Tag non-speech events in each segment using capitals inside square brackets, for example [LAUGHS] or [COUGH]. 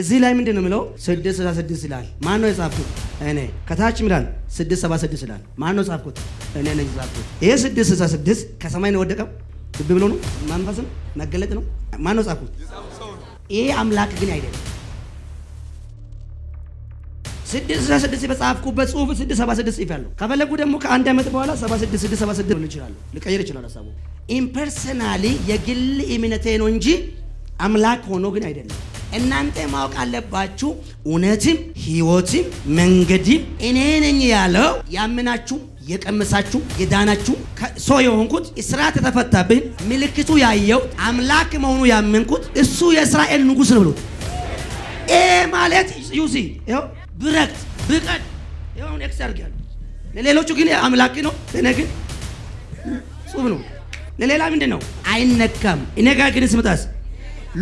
እዚህ ላይ ምንድን ነው የምለው? 676 ይላል። ማን ነው የጻፍኩት? እኔ። ከታች ይላል 676 ይላል። ማን ነው የጻፍኩት? እኔ ነኝ የጻፍኩት። ይሄ 666 ከሰማይ ነው ወደቀው? ልብ ብሎ ነው መንፈስ ነው መገለጥ ነው። ማን ነው የጻፍኩት? ይሄ አምላክ ግን አይደለም። 666 በጻፍኩበት ጽሁፍ 676 ጽፌያለሁ። ከፈለጉ ደግሞ ከአንድ ዓመት በኋላ 76676 ሆነ ይችላል። ልቀይር ይችላል ሀሳቡ። ኢምፐርሰናሊ የግል እምነቴ ነው እንጂ አምላክ ሆኖ ግን አይደለም። እናንተ ማወቅ አለባችሁ። እውነትም ህይወትም መንገድም እኔ ነኝ ያለው ያምናችሁ የቀመሳችሁ የዳናችሁ ሰው የሆንኩት እስራት የተፈታብኝ ምልክቱ ያየው አምላክ መሆኑ ያመንኩት እሱ የእስራኤል ንጉሥ ነው ብሎት ይሄ ማለት ዩሲ ይኸው ብረክት ብቀድ ሁን ኤክስ ለሌሎቹ ግን አምላክ ነው፣ ለእኔ ግን ጹብ ነው። ለሌላ ምንድን ነው? አይነካም። እኔ ጋር ግን ስምጣስ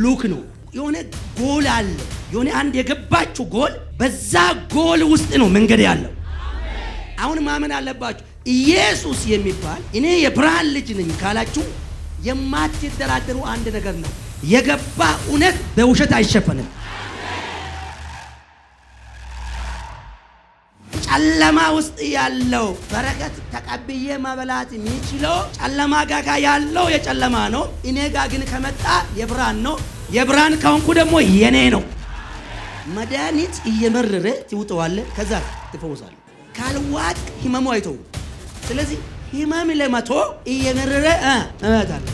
ሉክ ነው። የሆነ ጎል አለ። የሆነ አንድ የገባችሁ ጎል፣ በዛ ጎል ውስጥ ነው መንገድ ያለው። አሁን ማመን አለባችሁ። ኢየሱስ የሚባል እኔ የብርሃን ልጅ ነኝ ካላችሁ የማትደራደሩ አንድ ነገር ነው፣ የገባ እውነት በውሸት አይሸፈንም። ጨለማ ውስጥ ያለው በረከት ተቀብዬ መበላት የሚችለው ጨለማ ጋጋ ያለው የጨለማ ነው። እኔ ጋ ግን ከመጣ የብርሃን ነው። የብርሃን ካሁንኩ ደግሞ የኔ ነው። መድኃኒት እየመረረ ትውጠዋለ፣ ከዛ ትፈውሳለ። ካልዋጥ ህመሙ አይተው። ስለዚህ ህመም ለመቶ እየመረረ እመታለ።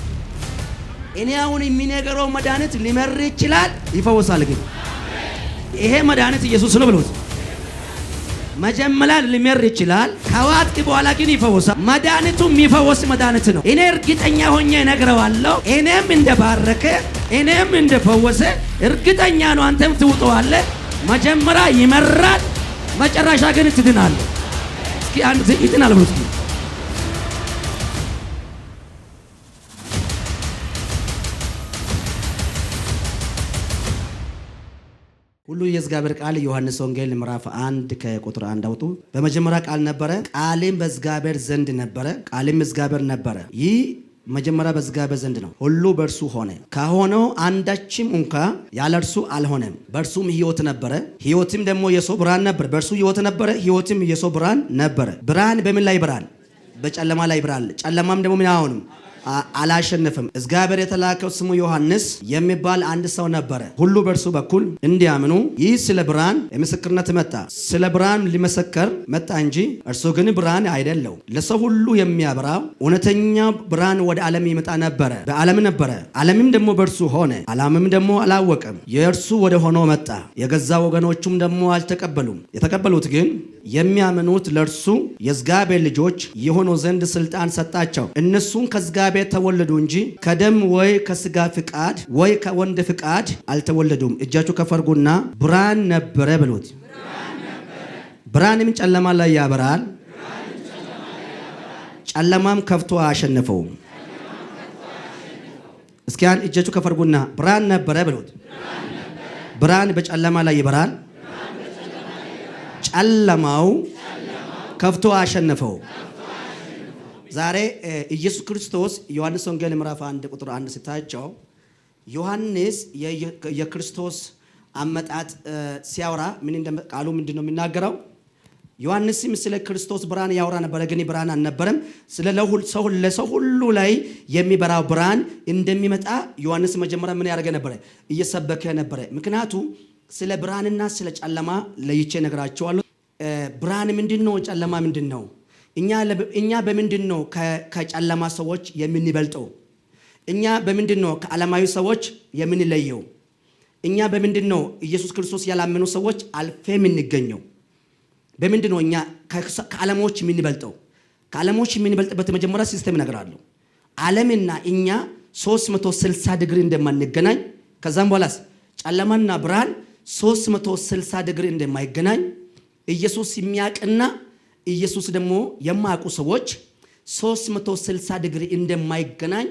እኔ አሁን የሚነገረው መድኃኒት ሊመር ይችላል፣ ይፈውሳል። ግን ይሄ መድኃኒት ኢየሱስ ነው ብሎት መጀመሪያ ሊመር ይችላል፣ ከዋጥቂ በኋላ ግን ይፈወሳል። መድኃኒቱ የሚፈወስ መድኃኒት ነው። እኔ እርግጠኛ ሆኜ እነግረዋለሁ። እኔም እንደባረከ እኔም እንደፈወሰ እርግጠኛ ነው። አንተም ትውጠዋለህ። መጀመሪያ ይመራል፣ መጨረሻ ግን ትድናል። እስኪ አንድ ይድናል ብሎ ሁሉ የእግዚአብሔር ቃል ዮሐንስ ወንጌል ምዕራፍ አንድ ከቁጥር አንድ አውጡ። በመጀመሪያ ቃል ነበረ፣ ቃልም በእግዚአብሔር ዘንድ ነበረ፣ ቃልም እግዚአብሔር ነበረ። ይህ መጀመሪያ በእግዚአብሔር ዘንድ ነው፣ ሁሉ በእርሱ ሆነ፣ ከሆነው አንዳችም እንኳ ያለ እርሱ አልሆነም። በእርሱም ሕይወት ነበረ፣ ሕይወትም ደግሞ የሰው ብርሃን ነበረ። በእርሱ ሕይወት ነበረ፣ ሕይወትም የሰው ብርሃን ነበረ። ብርሃን በምን ላይ ብርሃን? በጨለማ ላይ ብርሃን፣ ጨለማም ደግሞ ምን አሁንም አላሸነፈም። እግዚአብሔር የተላከው ስሙ ዮሐንስ የሚባል አንድ ሰው ነበረ። ሁሉ በእርሱ በኩል እንዲያምኑ ይህ ስለ ብርሃን የምስክርነት መጣ። ስለ ብርሃን ሊመሰከር መጣ እንጂ እርሱ ግን ብርሃን አይደለው። ለሰው ሁሉ የሚያበራው እውነተኛ ብርሃን ወደ ዓለም ይመጣ ነበረ፣ በዓለም ነበረ፣ ዓለምም ደግሞ በእርሱ ሆነ፣ ዓለምም ደግሞ አላወቀም። የእርሱ ወደ ሆኖ መጣ፣ የገዛ ወገኖቹም ደግሞ አልተቀበሉም። የተቀበሉት ግን የሚያምኑት ለእርሱ የእግዚአብሔር ልጆች የሆኑ ዘንድ ስልጣን ሰጣቸው። እነሱን ከእግዚአብሔር ከእግዚአብሔር ተወለዱ እንጂ ከደም ወይ ከስጋ ፍቃድ ወይ ከወንድ ፍቃድ አልተወለዱም። እጃችሁ ከፈርጉና ብርሃን ነበረ ብሎት። ብርሃንም ጨለማ ላይ ያበራል፣ ጨለማም ከፍቶ አያሸንፈውም። እስኪ እጃችሁ ከፈርጉና ብርሃን ነበረ ብሎት ብርሃን በጨለማ ላይ ይበራል፣ ጨለማው ከፍቶ አያሸንፈው ዛሬ ኢየሱስ ክርስቶስ ዮሐንስ ወንጌል ምዕራፍ 1 ቁጥር 1 ስታቸው ዮሐንስ የክርስቶስ አመጣጥ ሲያወራ ምን እንደ ቃሉ ምንድን ነው የሚናገረው? ዮሐንስም ስለ ክርስቶስ ብርሃን ያወራ ነበረ፣ ግን ብርሃን አልነበረም። ስለ ለሰው ሁሉ ላይ የሚበራው ብርሃን እንደሚመጣ ዮሐንስ መጀመሪያ ምን ያደረገ ነበረ? እየሰበከ ነበረ። ምክንያቱ ስለ ብርሃንና ስለ ጨለማ ለይቼ ነግራቸዋለሁ። ብርሃን ምንድን ነው? ጨለማ ምንድን ነው? እኛ በምንድን ነው ከጨለማ ሰዎች የምንበልጠው? እኛ በምንድን ነው ከዓለማዊ ሰዎች የምንለየው? እኛ በምንድን ነው ኢየሱስ ክርስቶስ ያላመኑ ሰዎች አልፌ የምንገኘው? በምንድን ነው እኛ ከዓለሞች የምንበልጠው? ከዓለሞች የምንበልጥበት መጀመሪያ ሲስተም እነግራለሁ። ዓለምና እኛ 360 ድግሪ እንደማንገናኝ ከዛም በኋላስ ጨለማና ብርሃን 360 ድግሪ እንደማይገናኝ ኢየሱስ የሚያውቅና ኢየሱስ ደግሞ የማያውቁ ሰዎች 360 ዲግሪ እንደማይገናኝ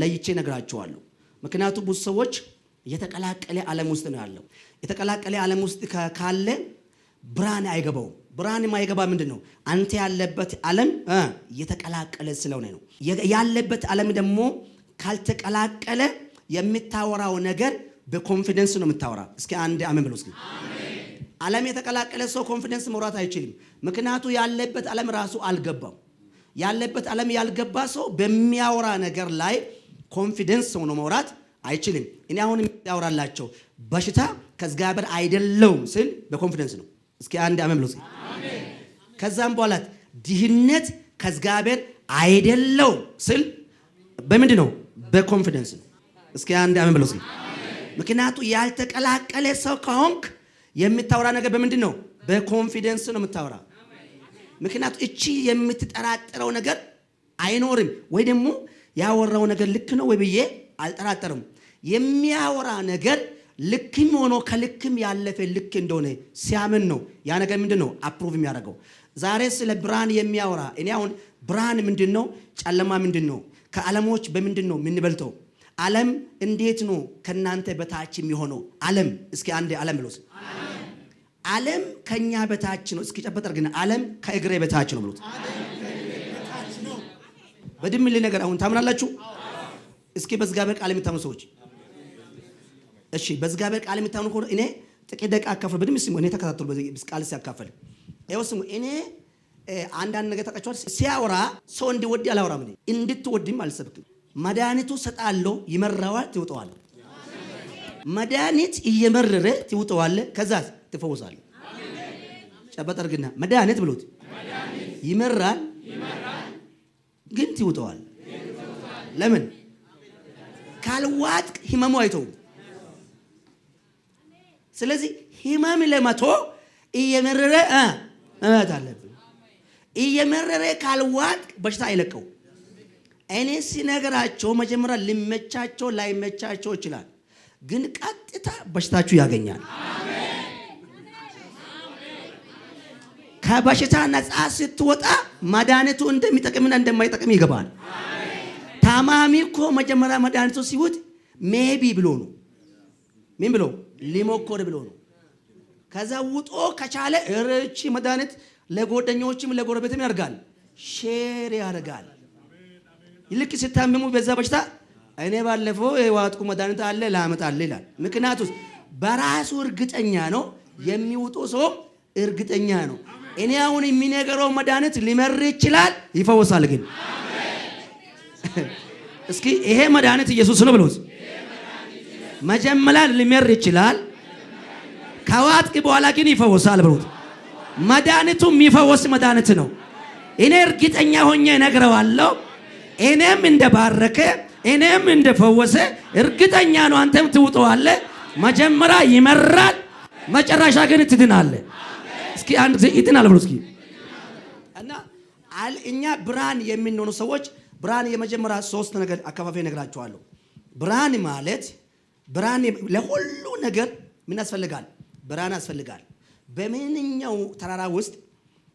ለይቼ እነግራቸዋለሁ። ምክንያቱም ብዙ ሰዎች የተቀላቀለ ዓለም ውስጥ ነው ያለው። የተቀላቀለ ዓለም ውስጥ ካለ ብርሃን አይገባውም። ብርሃን የማይገባ ምንድን ነው? አንተ ያለበት ዓለም የተቀላቀለ ስለሆነ ነው። ያለበት ዓለም ደግሞ ካልተቀላቀለ የምታወራው ነገር በኮንፊደንስ ነው የምታወራ። እስኪ አንድ አሜን ብሎ እስኪ ዓለም የተቀላቀለ ሰው ኮንፊደንስ መውራት አይችልም። ምክንያቱ ያለበት ዓለም ራሱ አልገባም። ያለበት ዓለም ያልገባ ሰው በሚያወራ ነገር ላይ ኮንፊደንስ ሆኖ መውራት አይችልም። እኔ አሁን የሚያወራላቸው በሽታ ከእግዚአብሔር አይደለውም ስል በኮንፊደንስ ነው። እስኪ አንድ አሜን ብሎ ከዛም በኋላ ድህነት ከእግዚአብሔር አይደለው ስል በምንድ ነው? በኮንፊደንስ ነው። እስኪ አንድ አሜን ብሎ ምክንያቱ ያልተቀላቀለ ሰው ከሆንክ የምታወራ ነገር በምንድን ነው? በኮንፊደንስ ነው የምታወራ። ምክንያቱ እቺ የምትጠራጠረው ነገር አይኖርም። ወይ ደግሞ ያወራው ነገር ልክ ነው ወይ ብዬ አልጠራጠርም። የሚያወራ ነገር ልክም ሆኖ ከልክም ያለፈ ልክ እንደሆነ ሲያምን ነው ያ ነገር ምንድን ነው አፕሩቭ የሚያደርገው። ዛሬ ስለ ብርሃን የሚያወራ እኔ አሁን ብርሃን ምንድን ነው? ጨለማ ምንድን ነው? ከዓለሞች በምንድን ነው የምንበልጠው? ዓለም እንዴት ነው ከእናንተ በታች የሚሆነው? ዓለም እስኪ አንድ ዓለም ብሎስ ዓለም ከኛ በታች ነው። እስኪጨበጥ ጨበጥ ዓለም ከእግሬ በታች ነው ብሎት በድምሌ ነገር አሁን ታምናላችሁ? እስኪ በእግዚአብሔር ቃል የምታምኑ ሰዎች እሺ፣ በእግዚአብሔር ቃል የምታምኑ ከሆነ እኔ ጥቂት ደቂቃ አካፍል። በድም ስሙ፣ እኔ ተከታተሉ። ቃል ሲያካፈል ይኸው ስሙ። እኔ አንዳንድ ነገር ታውቃችኋል፣ ሲያወራ ሰው እንዲወድ አላወራም። እኔ እንድትወድም አልሰብክም። መድኃኒቱ ሰጣለሁ፣ ይመራዋል፣ ትውጠዋል። መድኃኒት እየመረረ ትውጠዋል። ከዛ ትፈውሳል። ጨበጥ አድርግና መድኃኒት ብሎት ይመራል፣ ግን ትውጠዋል። ለምን ካልዋጥቅ ህመሙ አይተውም። ስለዚህ ህመም ለመቶ እየመረረ መመት አለብን። እየመረረ ካልዋጥቅ በሽታ አይለቀው። እኔ ሲነገራቸው መጀመሪያ ሊመቻቸው ላይመቻቸው ይችላል፣ ግን ቀጥታ በሽታችሁ ያገኛል። ከበሽታ ነፃ ስትወጣ መድኃኒቱ እንደሚጠቅምና እንደማይጠቅም ይገባል። ታማሚ እኮ መጀመሪያ መድኃኒቱ ሲውጥ ሜቢ ብሎ ነው ምን ብሎ ሊሞክር ብሎ ነው። ከዛ ውጦ ከቻለ እርቺ መድኃኒት ለጎደኞችም ለጎረቤትም ያደርጋል፣ ሼር ያደርጋል። ልክ ስታምሙ በዛ በሽታ እኔ ባለፈው የዋጥኩ መድኃኒት አለ ላመጣልህ ይላል። ምክንያቱስ በራሱ እርግጠኛ ነው፣ የሚውጡ ሰውም እርግጠኛ ነው። እኔ አሁን የሚነገረው መድኃኒት ሊመር ይችላል፣ ይፈወሳል። ግን [LAUGHS] እስኪ ይሄ መድኃኒት ኢየሱስ ነው ብሎስ መጀመሪያ ሊመር ይችላል፣ ከዋጥቂ በኋላ ግን ይፈወሳል ብሎት መድኃኒቱ የሚፈወስ መድኃኒት ነው። እኔ እርግጠኛ ሆኜ እነግረዋለሁ። እኔም እንደባረከ እኔም እንደፈወሰ እርግጠኛ ነው። አንተም ትውጠዋለህ። መጀመሪያ ይመራል፣ መጨረሻ ግን ትድናለህ። እስኪ አንድ ጊዜ ይድናል እስኪ እና እኛ ብርሃን የምንሆኑ ሰዎች ብርሃን የመጀመሪያ ሶስት ነገር አከፋፋይ አለ። ብርሃን ማለት ብርሃን ለሁሉ ነገር ምን ያስፈልጋል? ብርሃን ያስፈልጋል። በምንኛው ተራራ ውስጥ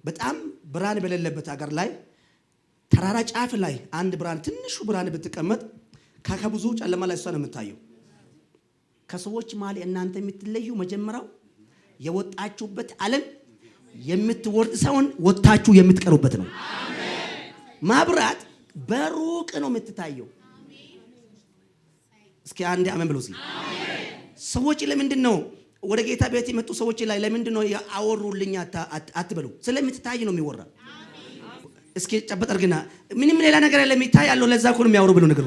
በጣም ብርሃን በሌለበት ሀገር ላይ ተራራ ጫፍ ላይ አንድ ብርሃን ትንሹ ብርሃን ብትቀመጥ ከብዙ ጨለማ ላይ እሷ ነው የምታየው። ከሰዎች መሀል እናንተ የምትለዩ መጀመሪያው የወጣችሁበት ዓለም የምትወርድ ሳይሆን ወታችሁ የምትቀሩበት ነው። ማብራት በሩቅ ነው የምትታየው። እስኪ አንድ አመን ብሎ ሰዎች ለምንድን ነው ወደ ጌታ ቤት የመጡ ሰዎች ላይ ለምንድን ነው አወሩልኝ አትበሉ። ስለምትታይ ነው የሚወራ። እስኪ ጨበጥ አድርግና ምንም ሌላ ነገር ለሚታይ ያለው ለዛ እኮ ነው የሚያወሩ ብሎ ነገሩ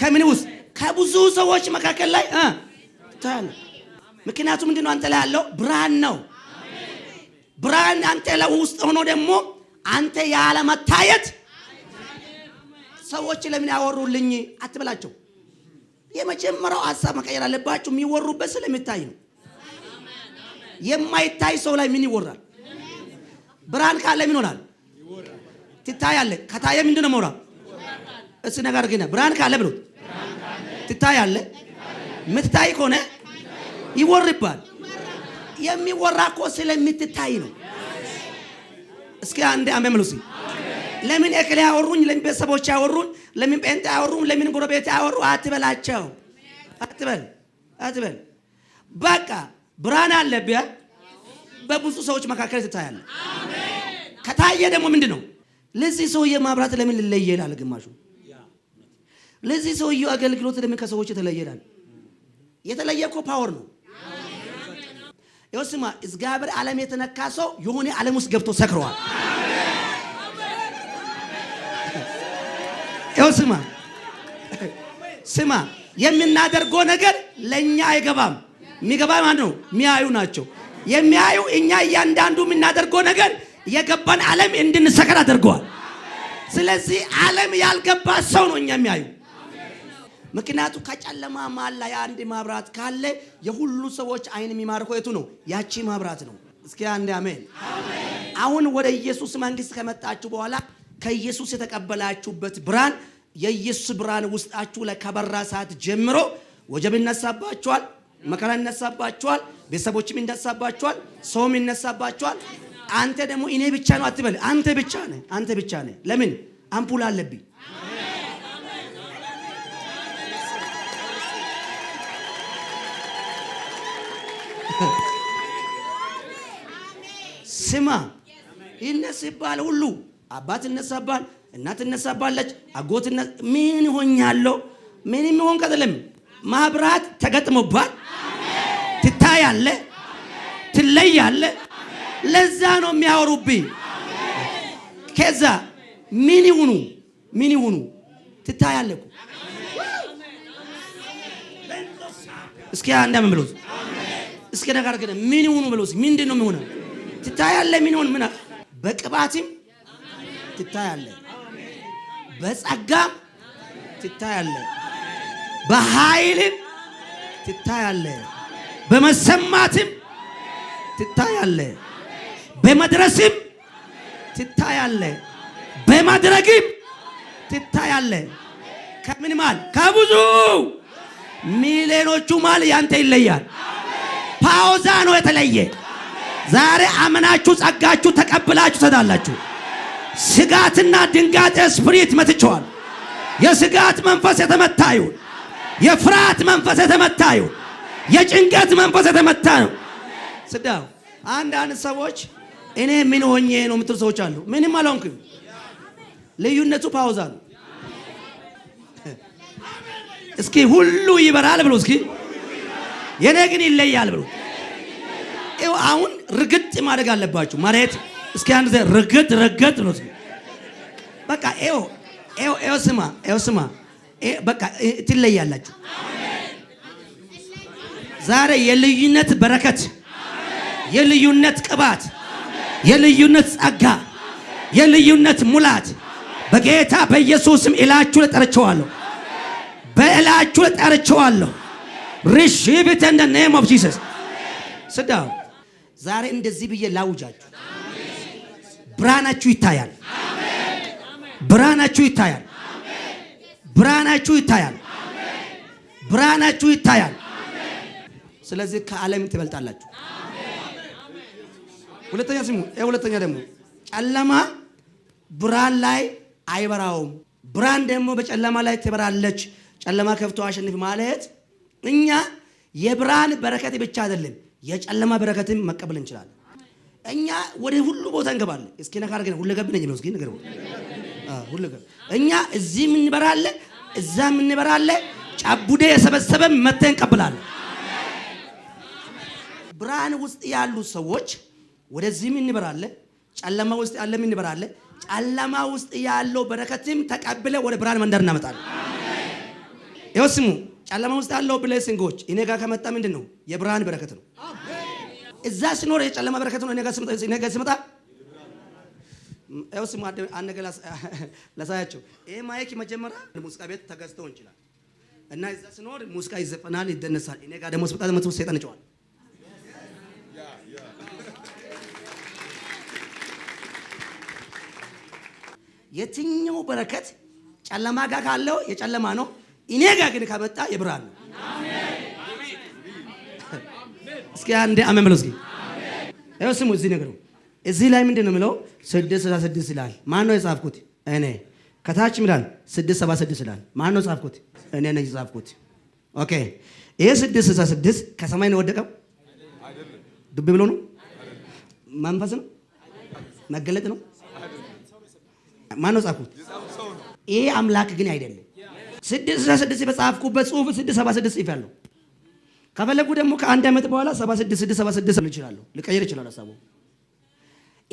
ከምን ውስጥ ከብዙ ሰዎች መካከል ላይ ታያለህ ምክንያቱም ምንድን ነው አንተ ላይ ያለው ብርሃን ነው። ብርሃን አንተ ላይ ውስጥ ሆኖ ደግሞ አንተ ያለመታየት ሰዎች ለምን ያወሩልኝ አትበላቸው። የመጀመሪያው ሀሳብ መቀየር አለባችሁ። የሚወሩበት ስለሚታይ ነው። የማይታይ ሰው ላይ ምን ይወራል? ብርሃን ካለ ምን ይሆናል? ትታያለ። ከታየ ምንድን ነው መውራ? እስ ነገር ግን ብርሃን ካለ ብሎት ትታያለህ። ምትታይ ከሆነ ይወርባል። የሚወራ እኮ ስለምትታይ ነው። እስኪ አንድ አሜን በሉ። ለምን እክሌ አወሩኝ፣ ለምን ቤተሰቦች አወሩን፣ ለምን ጴንጤ አወሩን፣ ለምን ጎረቤት አወሩ አትበላቸው። አትበል አትበል። በቃ ብርሃን አለብህ። በብዙ ሰዎች መካከል ትታያለህ። ከታየ ደግሞ ምንድን ነው ለዚህ ሰውዬ ማብራት ለምን ልለየ ይላል ግማሹ። ለዚህ ሰውዬ አገልግሎት ለምን ከሰዎች የተለየ ይላል። የተለየ እኮ ፓወር ነው። ይወስማ እግዚአብሔር ዓለም የተነካ ሰው የሆነ ዓለም ውስጥ ገብቶ ሰክረዋል። ይወስማ ስማ፣ የምናደርገው ነገር ለኛ አይገባም። የሚገባ ማን ነው? የሚያዩ ናቸው። የሚያዩ እኛ እያንዳንዱ የምናደርገው ነገር የገባን ዓለም እንድንሰከር አድርገዋል። ስለዚህ ዓለም ያልገባ ሰው ነው እኛ የሚያዩ ምክንያቱ ከጨለማ ማል ላይ አንድ ማብራት ካለ የሁሉ ሰዎች አይን የሚማርከው የቱ ነው? ያቺ ማብራት ነው። እስኪ አንድ አሜን። አሁን ወደ ኢየሱስ መንግስት ከመጣችሁ በኋላ ከኢየሱስ የተቀበላችሁበት ብርሃን የኢየሱስ ብርሃን ውስጣችሁ ለከበራ ሰዓት ጀምሮ ወጀብ ይነሳባችኋል፣ መከራ ይነሳባችኋል፣ ቤተሰቦችም ይነሳባችኋል፣ ሰውም ይነሳባችኋል። አንተ ደግሞ እኔ ብቻ ነው አትበል። አንተ ብቻ ነህ፣ አንተ ብቻ ነህ። ለምን አምፑል አለብኝ ስማ ይነሳባል፣ ሁሉ አባት ይነሳባል፣ እናት ይነሳባለች፣ አጎት ምን ሆኛለሁ? ምንም ሆን ቀጥልም ማብራት ተገጥሞባል ትታያለ፣ ትለያለ። ለዛ ነው የሚያወሩብ። ከዛ ምን ይሁኑ ምን ይሁኑ ትታያለኩ እስኪ እንደምን ብሎት እስከ ነገር ግን ምን ይሁኑ ብሎ ምንድን ነው የሚሆነው? ትታያለህ። ምን ይሁን ምን በቅባትም ትታያለህ፣ በጸጋም ትታያለህ፣ በኃይልም ትታያለህ፣ በመሰማትም ትታያለህ፣ በመድረስም ትታያለህ፣ በማድረግም ትታያለህ። ከምን ማል ከብዙ ሚሊዮኖቹ ማል ያንተ ይለያል። ከአውዛ ነው የተለየ። ዛሬ አምናችሁ ጸጋችሁ ተቀብላችሁ ትሄዳላችሁ። ስጋትና ድንጋጤ ስፕሪት መትቸዋል። የስጋት መንፈስ የተመታ ይሁን። የፍርሃት መንፈስ የተመታ ይሁን። የጭንቀት መንፈስ የተመታ ነው። ስዳው አንዳንድ ሰዎች እኔ ምን ሆኜ ነው የምትሉ ሰዎች አሉ። ምንም አልሆንኩም። ልዩነቱ ፓውዛ ነው። እስኪ ሁሉ ይበራል ብሎ እስኪ የኔ ግን ይለያል ብሎ ጥያቄው አሁን ርግጥ ማድረግ አለባችሁ። መሬት እስኪ አንድ ዘ ርግጥ ርግጥ ነው በቃ ኤዮ ኤዮ ኤዮ ስማ ኤዮ ስማ በቃ ትለያላችሁ። ዛሬ የልዩነት በረከት፣ የልዩነት ቅባት፣ የልዩነት ጸጋ፣ የልዩነት ሙላት በጌታ በኢየሱስም ኢላችሁ ለጠርቸዋለሁ በእላችሁ ለጠርቸዋለሁ። ሪሺቭ ኢት ኢን ዘ ኔም ኦፍ ጂሰስ ስዳው ዛሬ እንደዚህ ብዬ ላውጃችሁ፣ ብርሃናችሁ ይታያል፣ ብርሃናችሁ ይታያል፣ ብርሃናችሁ ይታያል፣ ብርሃናችሁ ይታያል። ስለዚህ ከዓለም ትበልጣላችሁ። ሁለተኛ ስሙ፣ ሁለተኛ ደግሞ ጨለማ ብርሃን ላይ አይበራውም፣ ብርሃን ደግሞ በጨለማ ላይ ትበራለች። ጨለማ ከፍቶ አሸንፍ ማለት እኛ የብርሃን በረከት ብቻ አይደለም የጨለማ በረከትን መቀበል እንችላለን። እኛ ወደ ሁሉ ቦታ እንገባለን። እስኪ ነካር ግን ሁለገብ ነኝ ነው እስኪ ነገር ሁለገብ እኛ እዚህ የምንበራለን፣ እዛ የምንበራለን። ጫቡዴ የሰበሰበ መተን እንቀብላለን። ብርሃን ውስጥ ያሉ ሰዎች ወደዚህም እንበራለን፣ ጨለማ ውስጥ ያለም እንበራለን። ጨለማ ውስጥ ያለው በረከትም ተቀብለ ወደ ብርሃን መንደር እናመጣለን። ይኸው ስሙ ጨለማ ውስጥ ያለው ብሌሲንጎች እኔ ጋር ከመጣ ምንድን ነው የብርሃን በረከት ነው። እዛ ሲኖር የጨለማ በረከት ነው። እኔ ጋር ሲመጣ ያው ስ አንድ ነገር [LAUGHS] ላሳያቸው። ይሄ ማይክ መጀመሪያ ሙዚቃ ቤት ተገዝተው እንችላል እና እዛ ሲኖር ሙዚቃ ይዘፈናል፣ ይደነሳል። እኔ ጋር ደግሞ ሲመጣ መቶ ሰይጣን ይጨዋል። የትኛው በረከት ጨለማ ጋር ካለው የጨለማ ነው እኔ ጋ ግን ከመጣ የብርሃን ነው። እስኪ አንዴ አሜን በለው። እስኪ ይኸው ስሙ፣ እዚህ ነገር እዚህ ላይ ምንድን ነው የምለው? ስድስት ሰባ ስድስት ይላል። ማን ነው የጻፍኩት? እኔ። ከታች ይላል ስድስት ሰባ ስድስት ይላል። ማን ነው የጻፍኩት? እኔ ነኝ የጻፍኩት። ኦኬ። ይሄ ስድስት ስልሳ ስድስት ከሰማይ ነው የወደቀው? ዱብ ብሎ ነው? መንፈስ ነው? መገለጥ ነው? ማን ነው የጻፍኩት? ይሄ አምላክ ግን አይደለም። ስድስት በጻፍኩበት ጽሁፍ ከፈለጉ ደግሞ ከአንድ ዓመት በኋላ ልቀይር ይችላል ሀሳቡ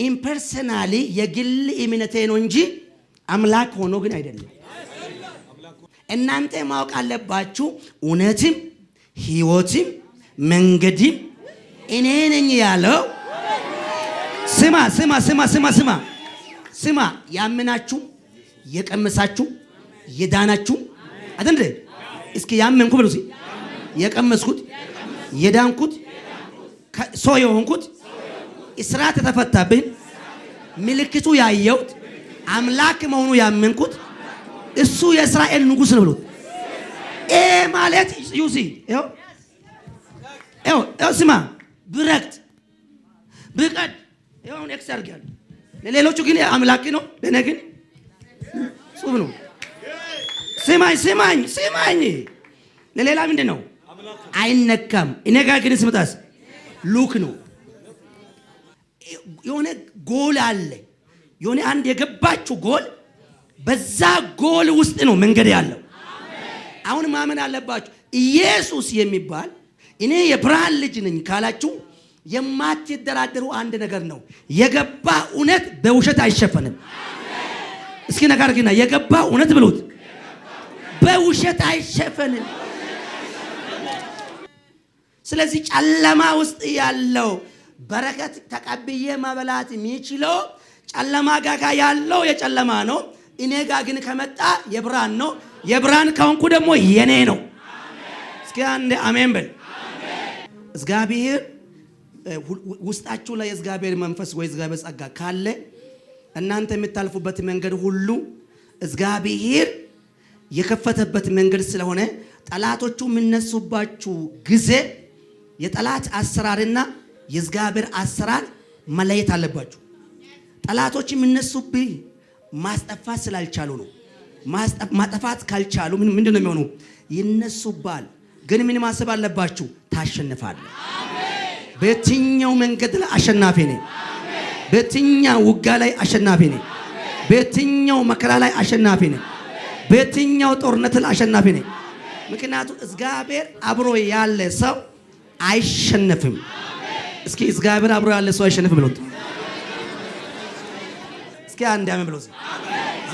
ኢምፐርሰናሊ የግል እምነቴ ነው እንጂ አምላክ ሆኖ ግን አይደለም። እናንተ ማወቅ አለባችሁ። እውነትም ህይወትም መንገድም እኔ ነኝ ያለው። ስማ ስማ ስማ ስማ ስማ ስማ ያምናችሁ የቀመሳችሁ የዳናችሁ አደንደ እስኪ ያመንኩ ብሉ የቀመስኩት የዳንኩት ሰው የሆንኩት እስራት የተፈታብኝ ምልክቱ ያየሁት አምላክ መሆኑ ያመንኩት እሱ የእስራኤል ንጉሥ ነው ብሉት። ኤ ማለት ዩሲ ስማ ብረክት ብቀድ ሁን ኤክስ ያርጊያል። ለሌሎቹ ግን አምላክ ነው፣ ለእኔ ግን ጹብ ነው። ስማኝ ስማኝ ስማኝ። ለሌላ ምንድን ነው አይነካም። እኔ ግን ስመጣስ ሉክ ነው የሆነ ጎል አለ። የሆነ አንድ የገባችሁ ጎል፣ በዛ ጎል ውስጥ ነው መንገድ ያለው። አሁን ማመን አለባችሁ። ኢየሱስ የሚባል እኔ የብርሃን ልጅ ነኝ ካላችሁ የማትደራደሩ አንድ ነገር ነው። የገባ እውነት በውሸት አይሸፈንም። እስኪ ግና የገባ እውነት ብሉት በውሸት አይሸፈንም። ስለዚህ ጨለማ ውስጥ ያለው በረከት ተቀብዬ መብላት የሚችለው ጨለማ ጋጋ ያለው የጨለማ ነው። እኔ ጋ ግን ከመጣ የብርሃን ነው። የብርሃን ከሆንኩ ደግሞ የኔ ነው። እስኪ አንድ አሜን በል። እግዚአብሔር ውስጣችሁ ላይ የእግዚአብሔር መንፈስ ወይ እግዚአብሔር ጸጋ ካለ እናንተ የምታልፉበት መንገድ ሁሉ እግዚአብሔር የከፈተበት መንገድ ስለሆነ ጠላቶቹ የሚነሱባችሁ ጊዜ የጠላት አሰራርና የእግዚአብሔር አሰራር መለየት አለባችሁ። ጠላቶች የሚነሱብህ ማስጠፋት ስላልቻሉ ነው። ማጠፋት ካልቻሉ ምንድን ነው የሚሆኑ? ይነሱባል። ግን ምን ማሰብ አለባችሁ? ታሸንፋል። በየትኛው መንገድ ላይ አሸናፊ ነኝ። በየትኛው ውጋ ላይ አሸናፊ ነኝ። በየትኛው መከራ ላይ አሸናፊ ነኝ። በየትኛው ጦርነት አሸናፊ ነኝ። ምክንያቱም እግዚአብሔር አብሮ ያለ ሰው አይሸነፍም። እስኪ እግዚአብሔር አብሮ ያለ ሰው አይሸነፍም ብሎት እስኪ አንድ አሜን ብሎት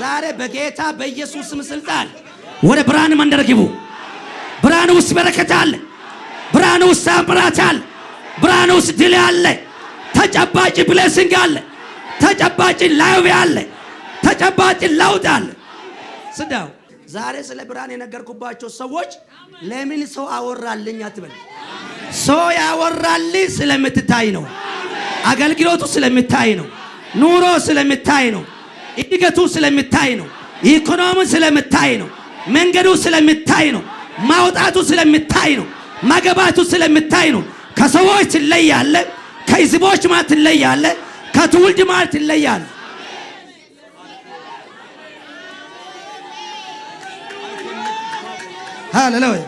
ዛሬ በጌታ በኢየሱስ ስም ስልጣን ወደ ብርሃን መንደር ግቡ። ብርሃን ውስጥ በረከት አለ። ብርሃን ውስጥ ታምራት አለ። ብርሃን ውስጥ ድል አለ። ተጨባጭ ብሌሲንግ አለ። ተጨባጭ ላይቭ አለ። ተጨባጭ ለውጥ አለ። ስደው ዛሬ ስለ ብርሃን የነገርኩባቸው ሰዎች ለምን ሰው አወራልኝ አትበል። ሰው ያወራልህ ስለምትታይ ነው። አገልግሎቱ ስለምታይ ነው። ኑሮ ስለምታይ ነው። እድገቱ ስለምታይ ነው። ኢኮኖሚ ስለምታይ ነው። መንገዱ ስለምታይ ነው። ማውጣቱ ስለምታይ ነው። ማገባቱ ስለምታይ ነው። ከሰዎች ትለያለ። ከህዝቦች ማ ትለያለ። ከትውልድ ማ ትለያለ። ஹா லலோய்